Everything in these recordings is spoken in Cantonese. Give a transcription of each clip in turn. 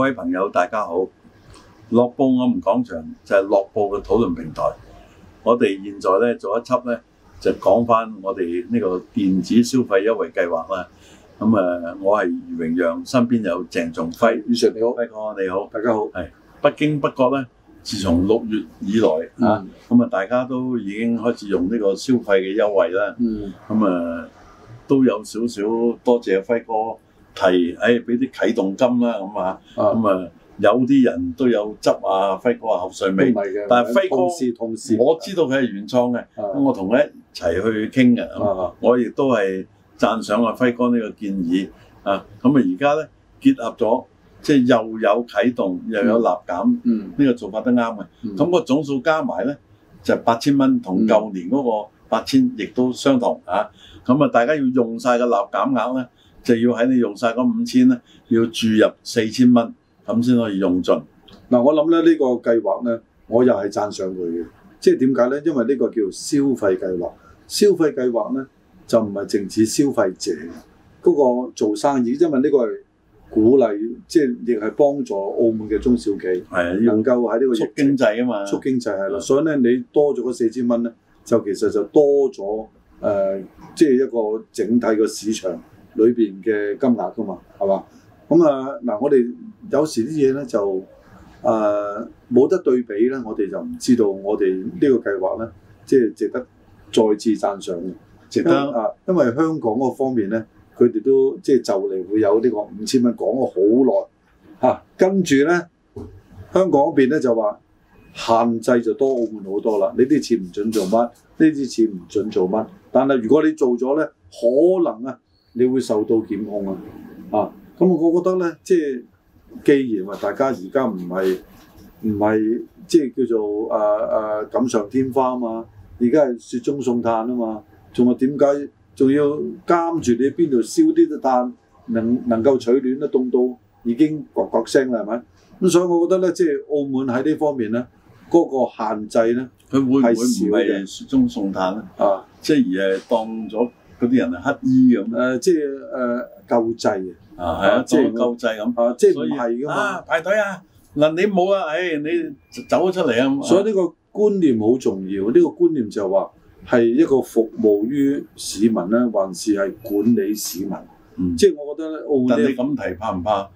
各位朋友，大家好！樂報我們講場，就係樂報嘅討論平台。我哋現在咧做一輯咧，就講翻我哋呢個電子消費優惠計劃啦。咁、嗯、啊，我係余榮陽，身邊有鄭仲輝。余 Sir 你好，輝哥你好，大家好。係不經不覺咧，自從六月以來啊，咁、嗯、啊，大家都已經開始用呢個消費嘅優惠啦。嗯。咁、嗯、啊、嗯，都有少少多謝輝哥。提誒，俾啲啟動金啦咁啊，咁啊有啲人都有執啊，輝哥啊口水味，但係輝哥同事，同事，我知道佢係原創嘅，咁、啊、我同佢一齊去傾嘅，啊、我亦都係讚賞阿、啊、輝哥呢個建議啊，咁啊而家咧結合咗，即係又有啟動又有立減，呢、嗯嗯呢個做法都啱嘅。咁、嗯、個總數加埋咧就八千蚊，同舊年嗰個八千亦都相同咁、嗯、啊，大家要用晒個立減額咧。就要喺你用晒嗰五千咧，要注入四千蚊咁先可以用盡。嗱，我諗咧呢個計劃咧，我又係讚賞佢嘅。即係點解咧？因為呢個叫消費計劃。消費計劃咧就唔係淨止消費者嗰個做生意，因為呢個係鼓勵，即係亦係幫助澳門嘅中小企，係能夠喺呢個促經濟啊嘛，促經濟係咯。所以咧，你多咗個四千蚊咧，就其實就多咗誒、呃，即係一個整體個市場，裏邊嘅金額㗎嘛，係嘛？咁啊，嗱，我哋有時啲嘢咧就誒冇、呃、得對比咧，我哋就唔知道我哋呢個計劃咧，即、就、係、是、值得再次讚賞嘅值得、嗯嗯、啊，因為香港嗰方面咧，佢哋都即係就嚟、是、會有呢個、啊、呢個五千蚊講咗好耐嚇，跟住咧香港嗰邊咧就話限制就多澳門好多啦。呢啲錢唔准做乜，呢啲錢唔准做乜。但係如果你做咗咧，可能啊～你會受到檢控啊，啊！啊，咁我我覺得咧，即係既然話大家而家唔係唔係即係叫做誒誒錦上添花嘛，而家係雪中送炭啊嘛，仲係點解仲要監住你邊度燒啲啲炭，能能夠取暖咧？凍到已經噥噥聲啦，係咪？咁所以我覺得咧，即係澳門喺呢方面咧，嗰、那個限制咧，佢會唔會唔係雪中送炭咧？啊，即係而係當咗。嗰啲人係乞衣咁誒，即係誒救濟嘅啊，係啊，即係救濟咁啊，即係唔係㗎嘛？排、啊、隊啊！嗱、啊哎，你冇啊，誒，你走咗出嚟啊！所以呢個觀念好重要。呢、呢個觀念就係話係一個服務於市民咧，還是係管理市民？即、嗯、係、就是、我覺得咧、嗯，澳門。但你咁提怕唔怕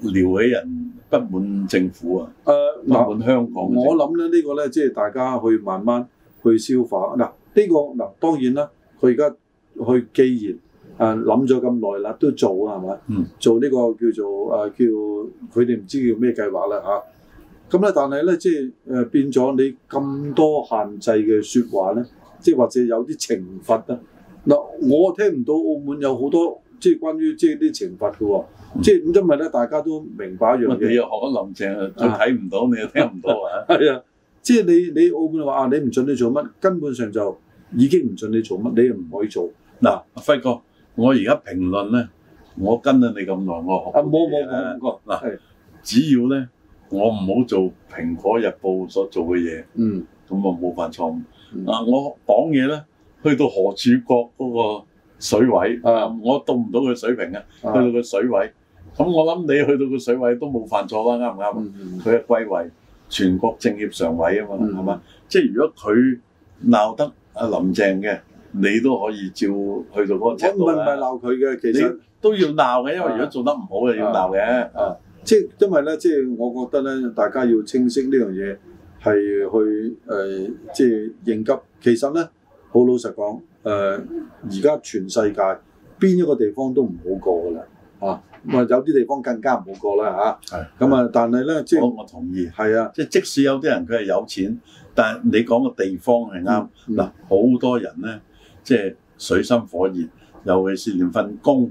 撩起人不滿政府啊？誒、呃，不滿香港、呃。我諗咧呢、呢個咧，即、就、係、是、大家去慢慢去消化嗱。呢、呃呢個嗱、呃、當然啦，佢而家。去既然啊諗咗咁耐啦，都做啊，係嘛？嗯，做呢個叫做啊叫佢哋唔知叫咩計劃啦嚇。咁、啊、咧，但係咧，即係誒變咗你咁多限制嘅説話咧，即係或者有啲懲罰啊。嗱，我聽唔到澳門有好多即係關於即係啲懲罰嘅喎、嗯。即係因為咧，大家都明白一樣嘢。你又學咗林鄭睇唔到，你又聽唔到啊？係啊， 即係你你澳門話啊，你唔准你做乜，根本上就已經唔准你做乜，你又唔可以做。嗱、啊，輝哥，我而家評論咧，我跟咗你咁耐，我學啊冇冇冇誤過。嗱、嗯，只要咧我唔好做《蘋果日報》所做嘅嘢，嗯，咁啊冇犯錯誤、嗯。啊，我講嘢咧，去到何柱國嗰個水位啊，我到唔到佢水平啊，啊去到個水位，咁我諗你去到個水位都冇犯錯啦，啱唔啱？佢係歸為全國政協常委啊嘛，係、嗯、嘛？即係如果佢鬧得阿林鄭嘅。你都可以照去到嗰個程度咧。唔係唔係鬧佢嘅，其實都要鬧嘅，因為如果做得唔好就、啊、要鬧嘅、啊啊。啊，即係因為咧，即係我覺得咧，大家要清晰呢樣嘢係去誒、呃，即係應急。其實咧，好老實講，誒而家全世界邊一個地方都唔好過㗎啦。啊，咁啊有啲地方更加唔好過啦吓，係、啊。咁啊，啊，但係咧、嗯，即係我我同意。係啊，即係即使有啲人佢係有錢，嗯、但係你講個地方係啱嗱，好、嗯、多人咧。即係水深火熱，尤其是連份工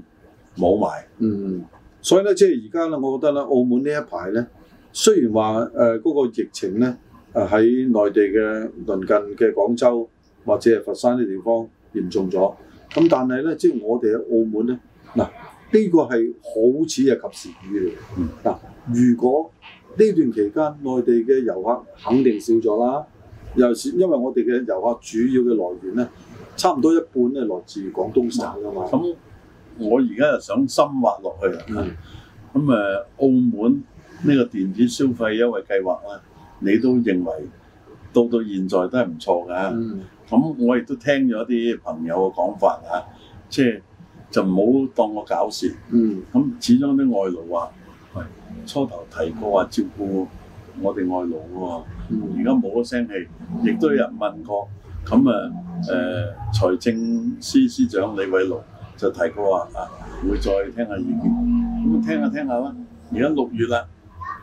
冇埋，嗯，所以咧，即係而家咧，我覺得咧，澳門呢一排咧，雖然話誒嗰個疫情咧，誒喺內地嘅鄰近嘅廣州或者係佛山啲地方嚴重咗，咁但係咧，即係我哋喺澳門咧，嗱呢個係好似係及時雨嚟嘅，嗱，嗯，如果呢段期間內地嘅遊客肯定少咗啦，尤其是因為我哋嘅遊客主要嘅來源咧。差唔多一半咧來自廣東省，咁、嗯、我而家就想深挖落去啊！咁、嗯、誒，澳門呢個電子消費優惠計劃咧，你都認為到到現在都係唔錯㗎。咁、嗯、我亦都聽咗一啲朋友嘅講法啊，即係就唔、是、好當我搞事。嗯，咁始終啲外勞話喎，初頭提過話照顧我哋外勞喎，而家冇咗聲氣，亦、嗯、都有人問過咁誒。誒、呃、財政司司長李偉農就提過話啊，啊，會再聽一下意見。咁聽，一聽一下聽下啦。而家六月啦、啊，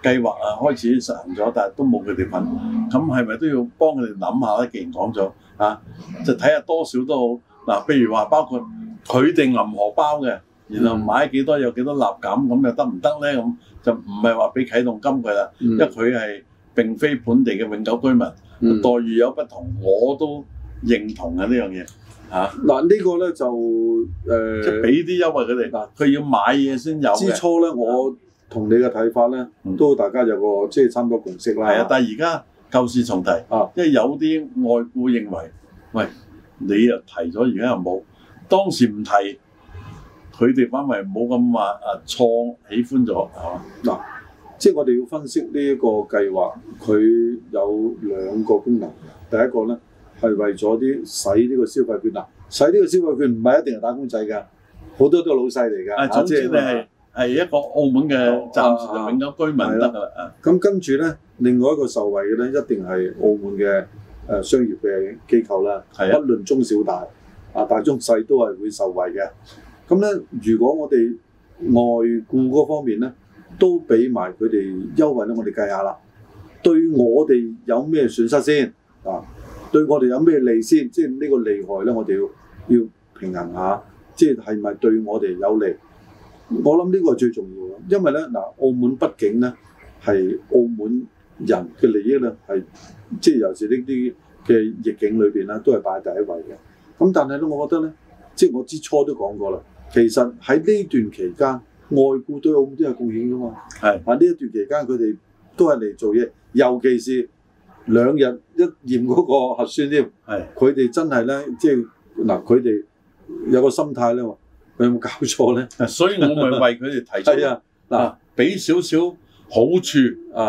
計劃啊開始實行咗，但係都冇佢哋份。咁係咪都要幫佢哋諗下咧？既然講咗啊，就睇下多少都好。嗱、啊，譬如話包括佢哋銀荷包嘅，然後買幾多有幾多立減，咁又得唔得咧？咁就唔係話俾啟動金佢啦、嗯，因為佢係並非本地嘅永久居民、嗯，待遇有不同。我都。認同啊，、嗯啊這個、呢樣嘢嚇嗱呢個咧就誒即俾啲優惠佢哋，佢、呃啊、要買嘢先有。之初咧、啊，我同你嘅睇法咧、嗯，都大家有個即係差唔多共識啦。係、嗯、啊，但係而家舊事重提啊，因為有啲外顧認為、啊，喂，你又提咗，而家又冇，當時唔提，佢哋反為冇咁話啊錯喜歡咗係嘛嗱，即係我哋要分析呢一個計劃，佢有兩個功能，第一個咧。係為咗啲使呢個消費券啦，使呢個消費券唔係一定係打工仔㗎，好多都係老細嚟㗎。即總之係、啊、一個澳門嘅暫時就永久居民啦。咁跟住咧，另外一個受惠嘅咧，一定係澳門嘅誒商業嘅機構啦。係、嗯、啊，不論中小大、嗯、啊，大中細都係會受惠嘅。咁、嗯、咧、嗯，如果我哋外僱嗰方面咧，都俾埋佢哋優惠咧，我哋計下啦。對我哋有咩損失先啊？對我哋有咩利先？即係呢個利害咧，我哋要要平衡下，即係係咪對我哋有利？我諗呢個係最重要嘅。因為咧，嗱，澳門畢竟咧係澳門人嘅利益咧係，即係尤其是呢啲嘅逆境裏面咧，都係擺第一位嘅。咁但係咧，我覺得咧，即係我之初都講過啦，其實喺呢段期間，外僱對澳門都有好多嘅貢獻噶嘛。係，喺呢一段期間，佢哋都係嚟做嘢，尤其是。兩日一驗嗰個核酸添，佢哋真係咧，即係嗱，佢哋有個心態咧，佢有冇搞錯咧？所以我咪為佢哋提出嗱，俾少少好處，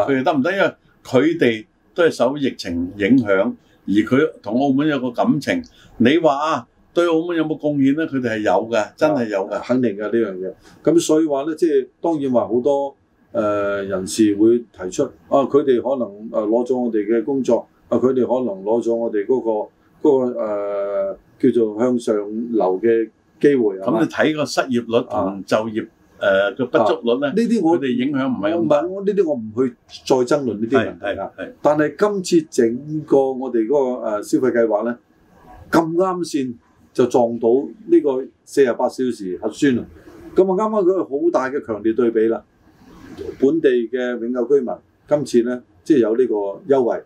佢哋得唔得？因為佢哋都係受疫情影響，而佢同澳門有個感情。你話啊，對澳門有冇貢獻咧？佢哋係有嘅，真係有嘅，肯定㗎呢樣嘢。咁所以話咧，即係當然話好多。誒、呃、人士會提出啊！佢哋可能誒攞咗我哋嘅工作啊！佢哋可能攞咗我哋嗰、那個嗰、那個呃、叫做向上流嘅機會。咁你睇個失業率同就業誒嘅、啊呃、不足率咧？呢、啊、啲我哋影響唔係唔係？呢啲我唔去再爭論呢啲問題。係係啊，係。但係今次整個我哋嗰、那個、呃、消費計劃咧，咁啱先就撞到呢個四十八小時核酸啊！咁啊，啱啱嗰個好大嘅強烈對比啦。本地嘅永久居民今次咧，即係有呢個優惠。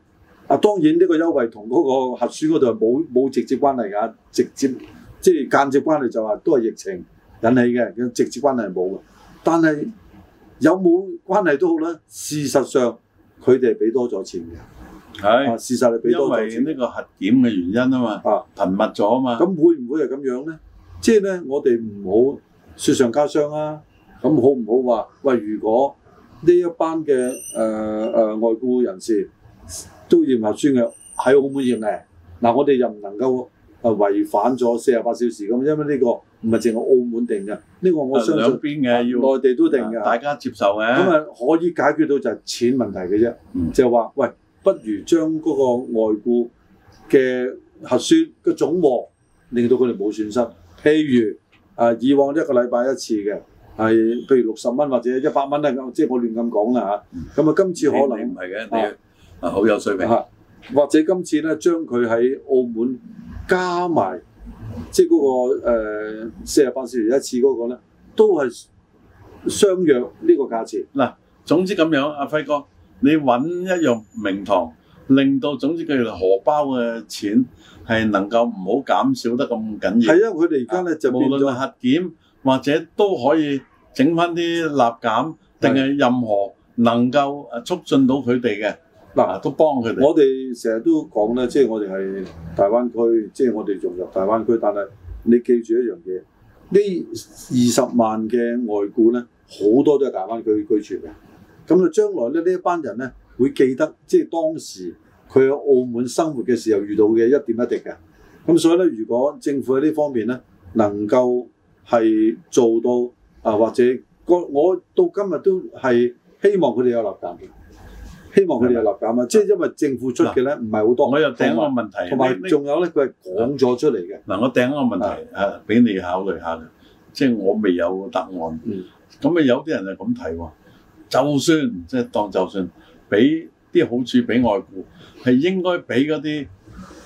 啊，當然呢個優惠同嗰個核檢嗰度冇冇直接關係㗎，直接即係間接關係就話都係疫情引起嘅，直接關係係冇嘅。但係有冇關係都好啦。事實上佢哋係俾多咗錢嘅，係、啊、事實係俾多咗錢呢個核檢嘅原因啊嘛，啊頻密咗啊嘛。咁會唔會係咁樣咧？即係咧，我哋唔好雪上加霜啊。咁好唔好話、啊、喂，如果呢一班嘅誒、呃呃、外僱人士都要核酸嘅喺澳門驗嚟。嗱、啊、我哋又唔能夠誒、呃、違反咗四十八小時咁，因為呢個唔係淨係澳門定嘅，呢、這個我相信內地都定嘅，大家接受嘅、啊，咁、呃、啊可以解決到就係錢問題嘅啫、嗯，就係話喂，不如將嗰個外僱嘅核酸嘅總和令到佢哋冇損失，譬如、呃、以往一個禮拜一次嘅。係，譬如六十蚊或者一百蚊，即係我亂咁講啦，咁啊、嗯，今次可能唔係嘅，啊你好有水平。啊、或者今次咧將佢喺澳門加埋，即嗰、嗰個四十八元一次嗰個咧，都係相若呢個價錢。嗱、啊，總之咁樣，阿、啊、輝哥，你揾一樣名堂，令到總之佢荷包嘅錢係能夠唔好減少得咁緊要。係因為佢哋而家咧就變咗核檢或者都可以整翻啲立減，定係任何能夠誒促進到佢哋嘅嗱，都幫佢哋。我哋成日都講咧，即係我哋係大灣區，即係我哋融入大灣區。但係你記住一樣嘢，呢二十萬嘅外僱咧，好多都係大灣區居住嘅。咁啊，將來咧呢一班人咧會記得，即係當時佢喺澳門生活嘅時候遇到嘅一點一滴嘅。咁所以咧，如果政府喺呢方面咧能夠，係做到啊，或者個我到今日都係希望佢哋有立減，希望佢哋有立減啊！即、嗯、係、就是、因為政府出嘅咧，唔係好多。我有掟一個問題，同埋仲有咧，佢係講咗出嚟嘅。嗱、嗯，我掟一個問題啊，俾你考慮一下嘅，即、就、係、是、我未有答案。咁、嗯、啊，有啲人係咁睇喎，就算即係、就是、當就算俾啲好處俾外僱，係應該俾嗰啲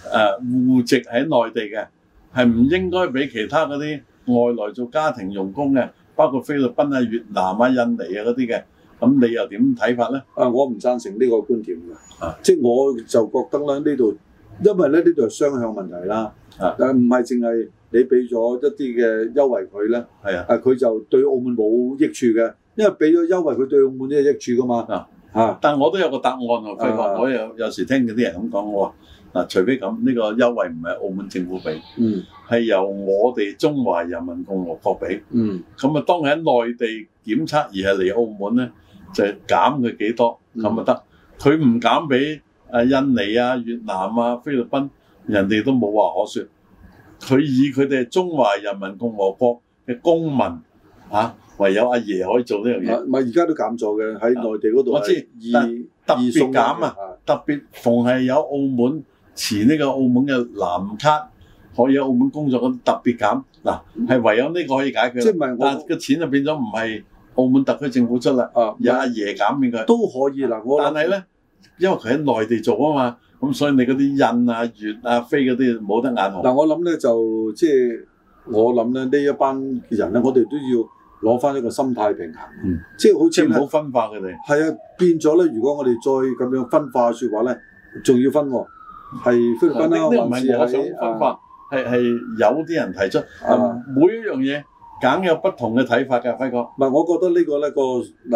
誒戶籍喺內地嘅，係唔應該俾其他嗰啲？外來做家庭傭工嘅，包括菲律賓啊、越南啊、印尼啊嗰啲嘅，咁你又點睇法咧？啊，我唔贊成呢個觀點㗎。啊，即係我就覺得咧，呢度因為咧，呢度係雙向問題啦。啊，但係唔係淨係你俾咗一啲嘅優惠佢咧？係啊，啊佢就對澳門冇益處嘅，因為俾咗優惠佢對澳門都有益處㗎嘛。啊，啊，但我都有個答案喎。費、啊、我有有時聽啲人咁講我。嗱，除非咁，呢、這個優惠唔係澳門政府俾，係、嗯、由我哋中華人民共和國俾。咁、嗯、啊，當喺內地檢測而係嚟澳門咧，就係減佢幾多咁啊得。佢唔減俾阿印尼啊、越南啊、菲律賓，人哋都冇話可說。佢以佢哋中華人民共和國嘅公民嚇、啊，唯有阿爺可以做呢樣嘢。唔係而家都減咗嘅喺內地嗰度、啊。我知而特別減啊，特別逢係有澳門。持呢個澳門嘅藍卡可以喺澳門工作，咁特別減嗱，係、啊、唯有呢個可以解決，即我但嘅錢就變咗唔係澳門特區政府出啦、啊，有阿爺減免㗎都可以，但係咧，因為佢喺內地做啊嘛，咁所以你嗰啲印啊、月啊、飛嗰啲冇得眼紅。嗱、嗯，我諗咧就即係我諗咧呢一班人咧，我哋都要攞翻一個心態平衡，即係好似唔好分化佢哋？係啊，變咗咧，如果我哋再咁樣分化說話咧，仲要分我、啊。係，分呢啲唔係有種分法，係、啊、係有啲人提出，啊每一樣嘢，梗有不同嘅睇法㗎，輝哥。唔係，我覺得這個呢個咧個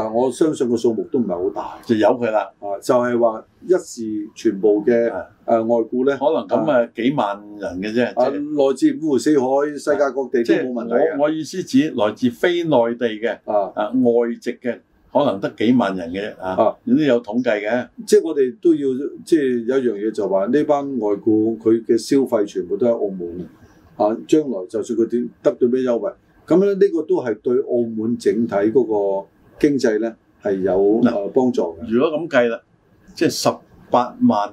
嗱，我相信個數目都唔係好大，就由佢啦。啊，就係、是、話一時全部嘅誒外僱咧，可能咁啊幾萬人嘅啫。啊，來、就是啊、自五湖四海、啊、世界各地都冇問題，即、啊、係、就是、我我意思指來自非內地嘅啊,啊外籍嘅。可能得幾萬人嘅啫啊！有啲有統計嘅，即係我哋都要，即係有一樣嘢就話呢班外僱佢嘅消費全部都喺澳門啊！將來就算佢得到咩優惠，咁咧呢個都係對澳門整體嗰個經濟咧係有幫助嘅。如果咁計啦，即係十八萬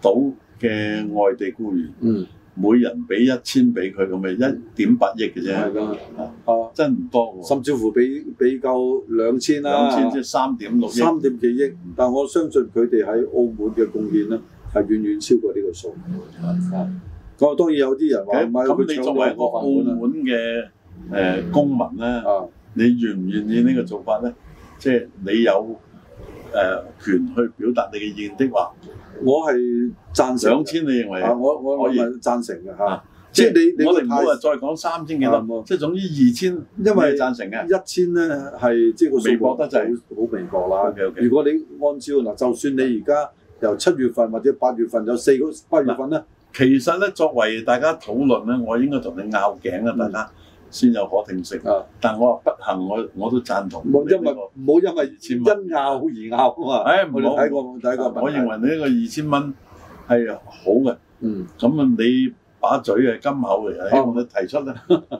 到嘅外地僱員。嗯。每人俾一千俾佢，咁咪一點八億嘅啫、啊，真唔多喎、啊。甚至乎俾俾夠兩千啦，兩千即係三點六億。三點幾億，但我相信佢哋喺澳門嘅貢獻咧，係遠遠超過呢個數的。冇錯，當然有啲人話咁，買了你作為澳門嘅誒、呃、公民咧、啊，你願唔願意呢個做法咧？即、就、係、是、你有誒、呃、權去表達你嘅意見的話。我係贊成，兩千，你認為成的啊？我我我係贊成嘅嚇，即係你我哋唔好話再講三千幾噸喎，即係總之二千，因為是贊成嘅一千咧係即係個數微薄得滯，好微薄啦 okay, okay。如果你按照嗱，就算你而家由七月份或者八月份有四個八月份咧，其實咧作為大家討論咧，我應該同你拗頸啊，大、嗯、家。先有可定性，但我話不行，我我都贊同沒。冇、這個、因為冇因為，因拗而拗啊嘛！誒、哎，我第一個第一個，我認為呢個二千蚊係好嘅。嗯，咁啊，你把嘴係金口嚟、嗯，希望你提出啦，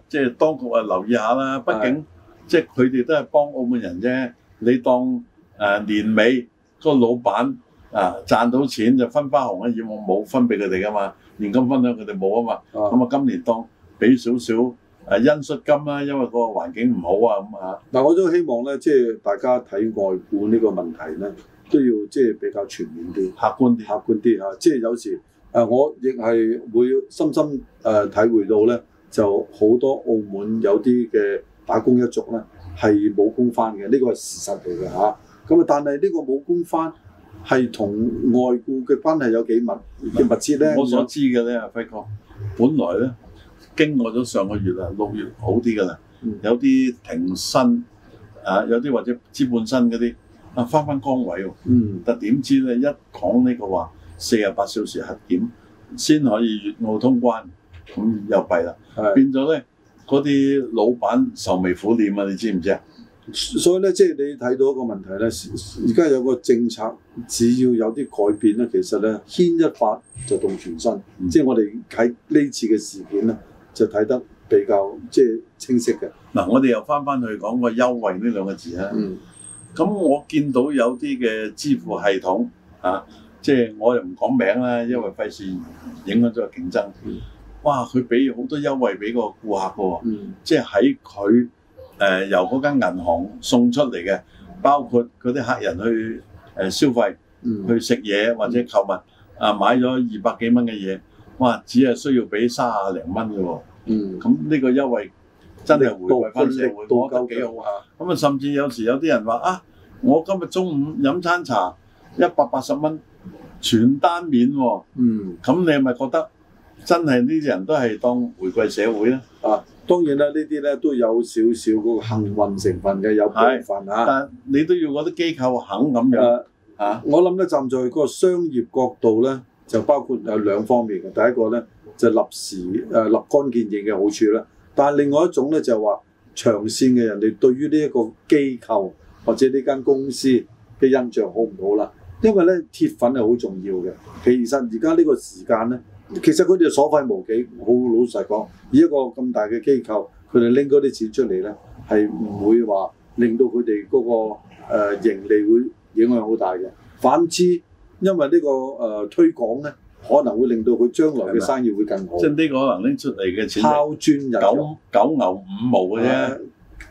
即、啊、係 當局啊留意下啦。畢、啊、竟即係佢哋都係幫澳門人啫。你當誒年尾、那個老闆啊賺到錢就分返紅我沒有分分沒有啊，以往冇分俾佢哋噶嘛，現金分呢佢哋冇啊嘛。咁啊，今年當俾少少。誒因恤金啦，因為個環境唔好啊，咁啊，但我都希望咧，即係大家睇外僱呢個問題咧，都要即係比較全面啲、客觀啲、客觀啲嚇。即係有時誒，我亦係會深深誒體會到咧，就好多澳門有啲嘅打工一族咧係冇工返嘅，呢個係事實嚟嘅嚇。咁啊，但係呢個冇工返係同外僱嘅關係有幾密、嗯、幾密切咧？我所知嘅咧，輝、啊、哥，本來咧。經過咗上個月啦，六月好啲㗎啦，有啲停薪，啊有啲或者資本薪嗰啲啊翻翻崗位喎、嗯，但點知咧一講呢個話，四十八小時核檢先可以粵澳通關，咁、嗯、又弊啦，變咗咧嗰啲老闆愁眉苦臉啊，你知唔知啊？所以咧即係你睇到一個問題咧，而家有個政策，只要有啲改變咧，其實咧牽一發就動全身，嗯、即係我哋喺呢次嘅事件咧。就睇得比較即係清晰嘅。嗱，我哋又翻翻去講個優惠呢兩個字啦。嗯。咁我見到有啲嘅支付系統啊，即係我又唔講名啦，因為費事影響咗個競爭。嗯、哇！佢俾好多優惠俾個顧客嘅喎。嗯。即係喺佢誒由嗰間銀行送出嚟嘅，包括嗰啲客人去誒、呃、消費，嗯、去食嘢或者購物啊、嗯，買咗二百幾蚊嘅嘢。哇！只係需要俾三廿零蚊嘅喎，咁、嗯、呢個優惠真係回饋翻社會都幾好嚇。咁啊，甚至有時候有啲人話啊，我今日中午飲餐茶一百八十蚊全單免喎。咁、嗯嗯、你係咪覺得真係呢啲人都係當回饋社會咧？啊，當然啦，這些呢啲咧都有少少嗰個幸運成分嘅，有部分嚇、啊。但你都要嗰啲機構肯咁樣嚇、嗯啊。我諗咧，站在嗰、那個商業角度咧。就包括有兩方面嘅，第一個咧就立時誒立竿見影嘅好處啦，但係另外一種咧就話、係、長線嘅人哋對於呢一個機構或者呢間公司嘅印象好唔好啦？因為咧鐵粉係好重要嘅。其實而家呢個時間咧，其實佢哋所費無幾，好老實講，以一個咁大嘅機構，佢哋拎嗰啲錢出嚟咧係唔會話令到佢哋嗰個、呃、盈利會影響好大嘅。反之，因為、這個呃、呢個誒推廣咧，可能會令到佢將來嘅生意會更好。即係呢個可能拎出嚟嘅錢，拋磚引九九牛五毛嘅啫。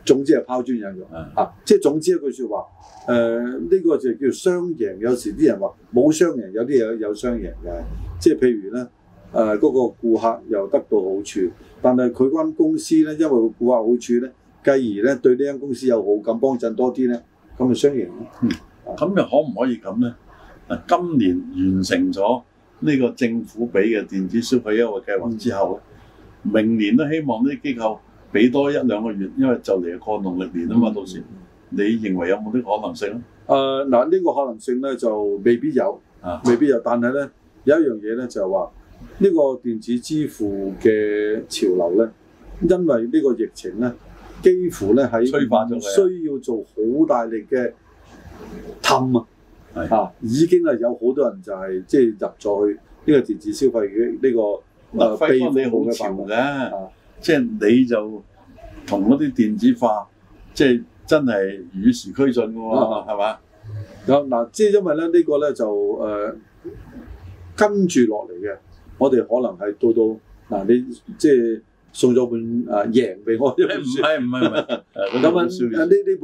總之係拋磚引玉啊！即係總之一句說話，誒、呃、呢、這個就叫雙贏。有時啲人話冇雙贏，有啲嘢有雙贏嘅。即係譬如咧，誒、呃、嗰、那個顧客又得到好處，但係佢間公司咧，因為佢顧客好處咧，繼而咧對呢間公司有好感，幫襯多啲咧，咁就雙贏。咁、嗯、又、啊、可唔可以咁咧？今年完成咗呢個政府俾嘅電子消費優惠計劃之後咧、嗯，明年都希望呢啲機構俾多一兩個月，嗯、因為就嚟過農曆年啊嘛、嗯。到時你認為有冇啲可能性咧？誒嗱，呢個可能性咧、呃這個、就未必有啊，未必有。但係咧有一樣嘢咧就係話，呢、呢個電子支付嘅潮流咧，因為呢個疫情咧，幾乎咧喺需要做好大力嘅氹啊！啊！已經係有好多人就係即係入咗去呢、這個電子消費嘅呢、這個飛速嘅潮流嘅，即、啊、係、就是、你就同嗰啲電子化，即、就、係、是、真係與時俱進嘅喎、啊，係、啊、嘛？有嗱，即、啊、係、就是、因為咧呢、這個咧就誒跟住落嚟嘅，我哋可能係到到嗱、啊、你即係。就是送咗本、啊、贏俾我一本書，唔係唔係唔係。咁啊呢呢本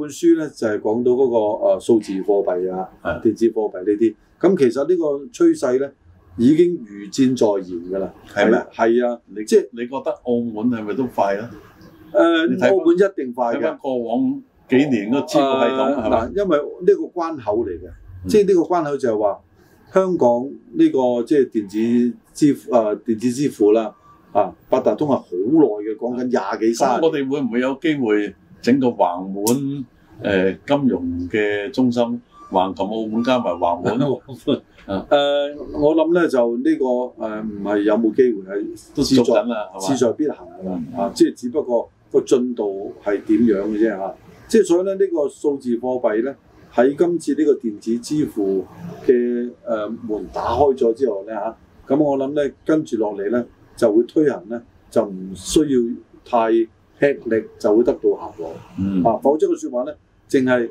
書咧 就係、是、講到嗰、那個數字貨幣啊，啊、電子貨幣呢啲。咁、嗯、其實這個趨勢呢個趨勢咧已經如箭在弦嘅啦，係咪？係啊，即、就是、你覺得澳門係咪都快啊、呃？澳門一定快嘅。睇翻過往幾年嗰支付系統嗱、呃呃，因為呢個關口嚟嘅、嗯，即係呢個關口就係話香港呢、這個即電子支付、呃、電子支付啦。啊！八達通係好耐嘅，講緊廿幾三。我哋會唔會有機會整個橫門誒、呃、金融嘅中心橫同澳門加埋橫門啊？誒、 呃，我諗咧就呢、這個誒唔係有冇機會係都做緊啦，係、嗯、嘛？事在,、嗯、在必行㗎嘛、嗯！啊，即係只不過個進度係點樣嘅啫嚇。即、啊、係所以咧，呢、這個數字貨幣咧喺今次呢個電子支付嘅誒、呃、門打開咗之後咧嚇，咁、啊、我諗咧跟住落嚟咧。就會推行咧，就唔需要太吃力，就會得到效果。嗯，啊，否則嘅説話咧，淨係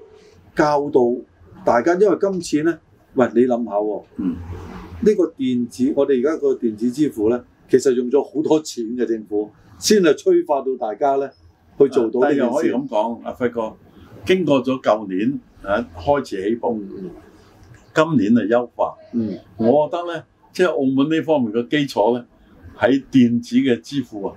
教導大家，因為今次咧，喂，你諗下喎，嗯，呢個電子，我哋而家個電子支付咧，其實用咗好多錢嘅政府，先係催化到大家咧去做到呢樣嘢。這件事可以咁講，阿輝哥，經過咗舊年啊，開始起步，嗯，今年係優化，嗯，我覺得咧，即係澳門呢方面嘅基礎咧。喺電子嘅支付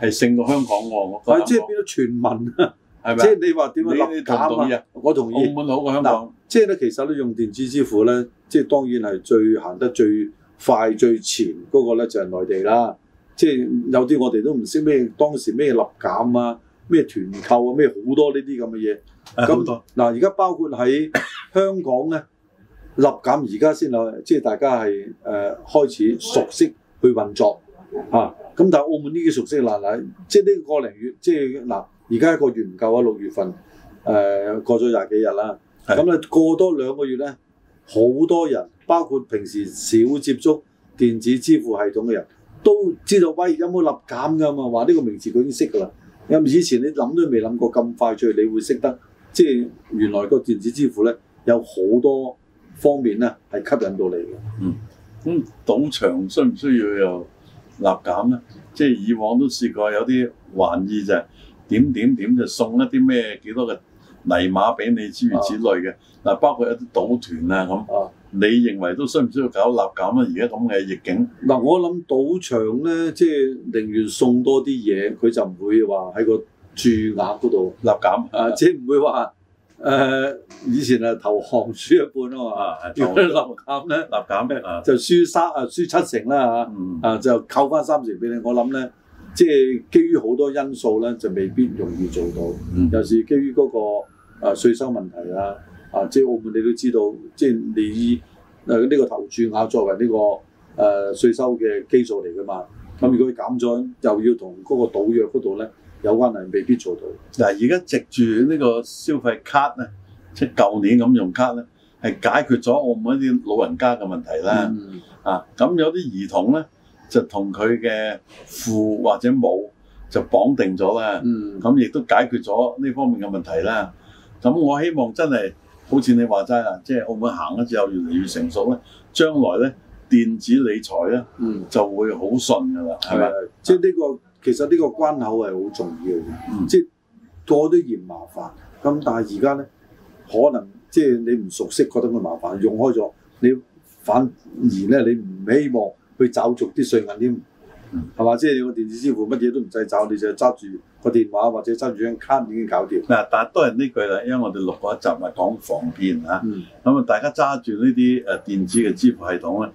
係香港啊，係勝過香港喎！啊，即係變咗全民，啊？係咪？即係你話點樣立減啊你？我同意。澳門好過香港。即係咧，其實咧，用電子支付咧，即係當然係最行得最快、最前嗰個咧，就係內地啦。即係有啲我哋都唔識咩，當時咩立減啊，咩團購啊，咩好多呢啲咁嘅嘢。咁嗱，而家包括喺香港咧，立減而家先有，即係大家係誒、呃、開始熟悉去運作。啊！咁但係澳門呢啲熟悉嘅嗱嗱，即係呢個零月，即係嗱，而家一個月唔夠啊，六月份，誒、呃、過咗廿幾日啦，咁咧、嗯、過多兩個月咧，好多人包括平時少接觸電子支付系統嘅人都知道，喂，有冇立減㗎嘛？話呢個名字佢已經識㗎啦。咁以前你諗都未諗過咁快脆，你會識得，即、就、係、是、原來個電子支付咧有好多方面咧係吸引到你嘅。嗯，咁賭場需唔需要有？立減咧，即係以往都試過有啲玩意就點點點就送一啲咩幾多嘅泥馬俾你之類之類嘅嗱、啊，包括一啲賭團啊咁、啊，你認為都需唔需要搞立減咧？而家咁嘅逆境，嗱、啊、我諗賭場咧，即係寧願送多啲嘢，佢就唔會話喺個注額嗰度立減啊，即係唔會話。誒、呃、以前誒投降輸一半啊嘛，如果立減咧，立減咧就輸三誒、啊、輸七成啦嚇、嗯，啊就扣翻三成俾你。我諗咧，即、就、係、是、基於好多因素咧，就未必容易做到。嗯、尤其基於嗰個誒稅收問題啦、嗯，啊即係澳門你都知道，即係你以呢、呃這個投注額作為呢、這個誒稅、呃、收嘅基數嚟噶嘛。咁、嗯、如果佢減咗，又要同嗰個賭約嗰度咧？有關係未必做到。嗱，而家藉住呢個消費卡咧，即係舊年咁用卡咧，係解決咗澳門啲老人家嘅問題啦、嗯。啊，咁有啲兒童咧，就同佢嘅父或者母就綁定咗啦。咁、嗯、亦、啊、都解決咗呢方面嘅問題啦。咁、嗯、我希望真係好似你話齋啦，即、就、係、是、澳門行咗之後越嚟越成熟咧，將、嗯、來咧電子理財咧、嗯、就會好順噶啦，係咪、嗯？即呢、這個。其實呢個關口係好重要嘅、嗯，即係過都嫌麻煩。咁但係而家咧，可能即係你唔熟悉，覺得佢麻煩、嗯、用開咗，你反而咧你唔希望去找續啲稅銀添，係、嗯、嘛？即係你個電子支付乜嘢都唔使走，你就揸住個電話或者揸住張卡已經搞掂。嗱，但係都係呢句啦，因為我哋錄過一集咪講防騙嚇，咁、嗯、啊大家揸住呢啲誒電子嘅支付系統咧，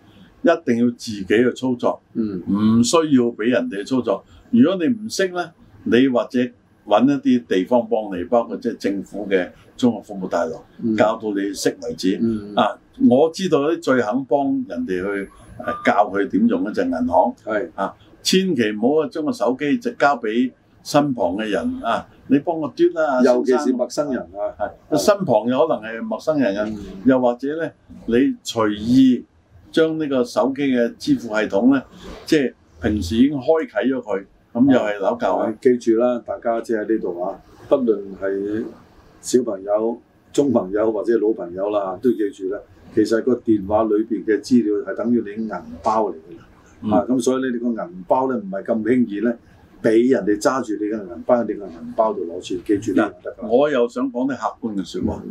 一定要自己去操作，唔、嗯、需要俾人哋去操作。如果你唔識咧，你或者揾一啲地方幫你，包括即係政府嘅綜合服務大樓，教到你識為止。嗯嗯、啊，我知道啲最肯幫人哋去教佢點用咧，就係、是、銀行。係啊，千祈唔好啊，將個手機就交俾身旁嘅人啊，你幫我端啊，尤其是陌生人啊，係身旁有可能係陌生人啊，又或者咧，你隨意將呢個手機嘅支付系統咧，即係平時已經開啟咗佢。咁又係老舊嘅，記住啦，大家隻喺呢度啊！不論係小朋友、中朋友或者老朋友啦，都記住啦。其實個電話裏邊嘅資料係等於你銀包嚟嘅、嗯，啊咁所以你哋個銀包咧，唔係咁輕易咧俾人哋揸住你嘅銀包，你嘅銀包度攞住。嚟，記住咧、嗯、我又想講啲客觀嘅説話，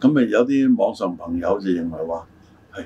咁、嗯、咪有啲網上朋友就認為話係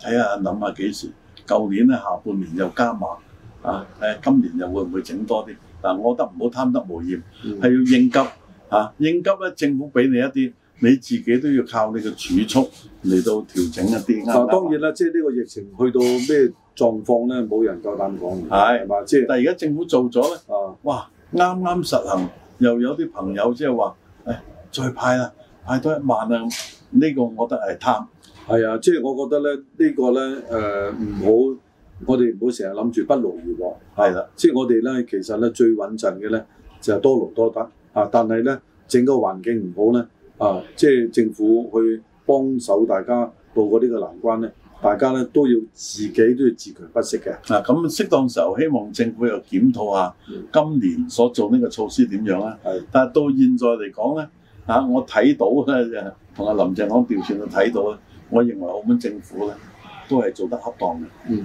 睇下諗下幾時，舊年咧下半年又加碼。啊！誒、哎，今年又會唔會整多啲？但我覺得唔好貪得無厭，係、嗯、要應急嚇、啊、應急咧。政府俾你一啲，你自己都要靠你嘅儲蓄嚟到調整一啲。嗱、嗯，當然啦，即係呢個疫情去到咩狀況咧，冇人夠膽講。係嘛，即係、就是。但係而家政府做咗咧，啊，哇，啱啱實行，又有啲朋友即係話，誒、哎，再派啦，派多一萬啊！呢、這個我覺得係貪。係啊，即、就、係、是、我覺得咧、這個，呢個咧誒唔好。我哋唔好成日諗住不勞而獲，係啦，即係我哋咧，其實咧最穩陣嘅咧就係多勞多得啊！但係咧整個環境唔好咧啊，即係政府去幫手大家渡過呢個難關咧，大家咧都要自己都要自強不息嘅啊！咁適當時候希望政府又檢討下今年所做呢個措施點樣呢？但係到現在嚟講咧嚇，我睇到咧就同阿林鄭講調轉去睇到咧，我認為澳門政府咧都係做得恰當嘅，嗯